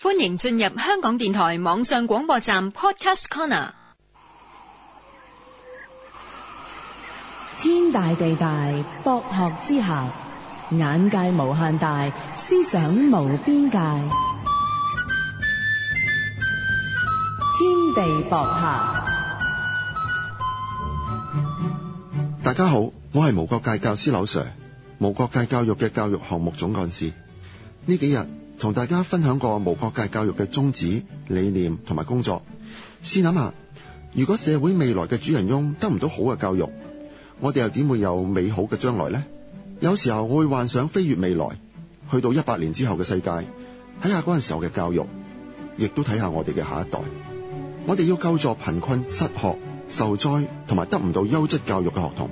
歡迎進入香港電台網上廣播站 Podcast Corner。天大地大，博學之下，眼界無限大，思想無邊界。天地博客。大家好，我係無國界教師劉 Sir，無國界教育嘅教育項目總幹事。呢幾日。同大家分享過無國界教育嘅宗旨、理念同埋工作。試諗下，如果社會未來嘅主人翁得唔到好嘅教育，我哋又點會有美好嘅將來咧？有時候會幻想飛越未來去到一百年之後嘅世界，睇下嗰陣時候嘅教育，亦都睇下我哋嘅下一代。我哋要救助貧困、失學、受災同埋得唔到優質教育嘅學童，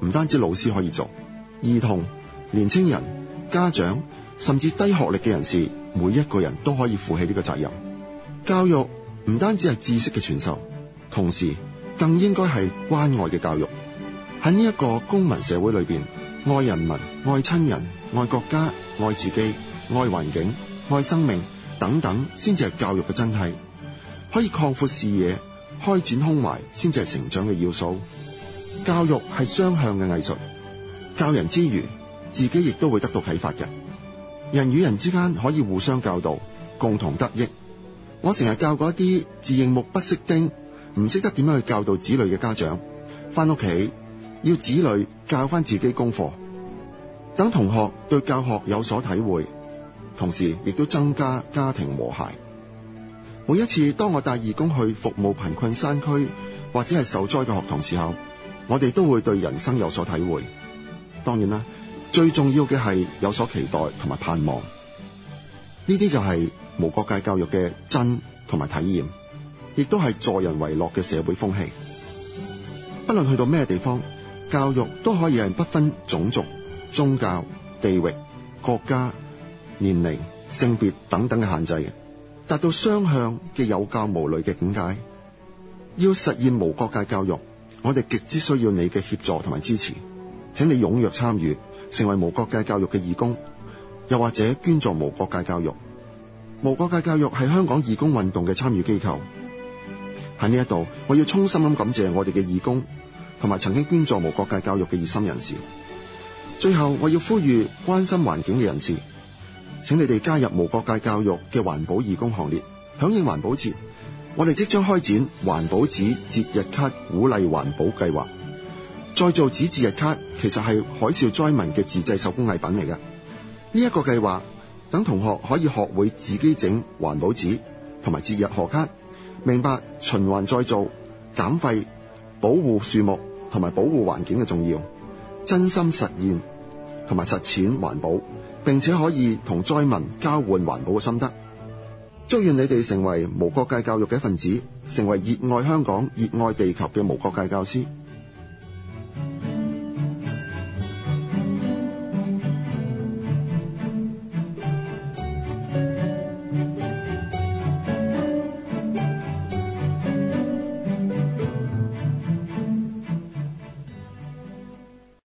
唔單止老師可以做，兒童、年青人、家長，甚至低學歷嘅人士，每一個人都可以負起呢個責任。教育唔單止係知識嘅傳授，同時更應該係關愛嘅教育。喺呢一個公民社會裏邊，愛人民、愛親人、愛國家、愛自己、愛環境、愛生命等等，先至係教育嘅真諦。可以擴闊視野、開展胸懷，先至係成長嘅要素。教育係雙向嘅藝術，教人之餘，自己亦都會得到啟發嘅。人與人之間可以互相教導，共同得益。我成日教過一啲自認目不識丁、唔識得點樣去教導子女嘅家長，翻屋企要子女教翻自己功課，等同學對教學有所體會，同時亦都增加家庭和諧。每一次當我帶義工去服務貧困山區或者係受災嘅學童時候，我哋都會對人生有所體會。當然啦。最重要嘅係有所期待同埋盼望，呢啲就係無國界教育嘅真同埋體驗，亦都係助人為樂嘅社會風氣。不論去到咩地方，教育都可以係不分種族、宗教、地域、國家、年齡、性別等等嘅限制，達到雙向嘅有教無類嘅境界。要實現無國界教育，我哋極之需要你嘅協助同埋支持，請你踴躍參與。成為無國界教育嘅義工，又或者捐助無國界教育。無國界教育係香港義工運動嘅參與機構。喺呢一度，我要衷心咁感謝我哋嘅義工，同埋曾經捐助無國界教育嘅熱心人士。最後，我要呼籲關心環境嘅人士，請你哋加入無國界教育嘅環保義工行列，響應環保節。我哋即將開展環保紙節日卡鼓勵環保計劃。再造紙節日卡，其實係海嘯災民嘅自製手工藝品嚟嘅。呢、這、一個計劃，等同學可以學會自己整環保紙同埋節日賀卡，明白循環再造、減廢、保護樹木同埋保護環境嘅重要，真心實現同埋實踐環保，並且可以同災民交換環保嘅心得。祝願你哋成為無國界教育嘅一份子，成為熱愛香港、熱愛地球嘅無國界教師。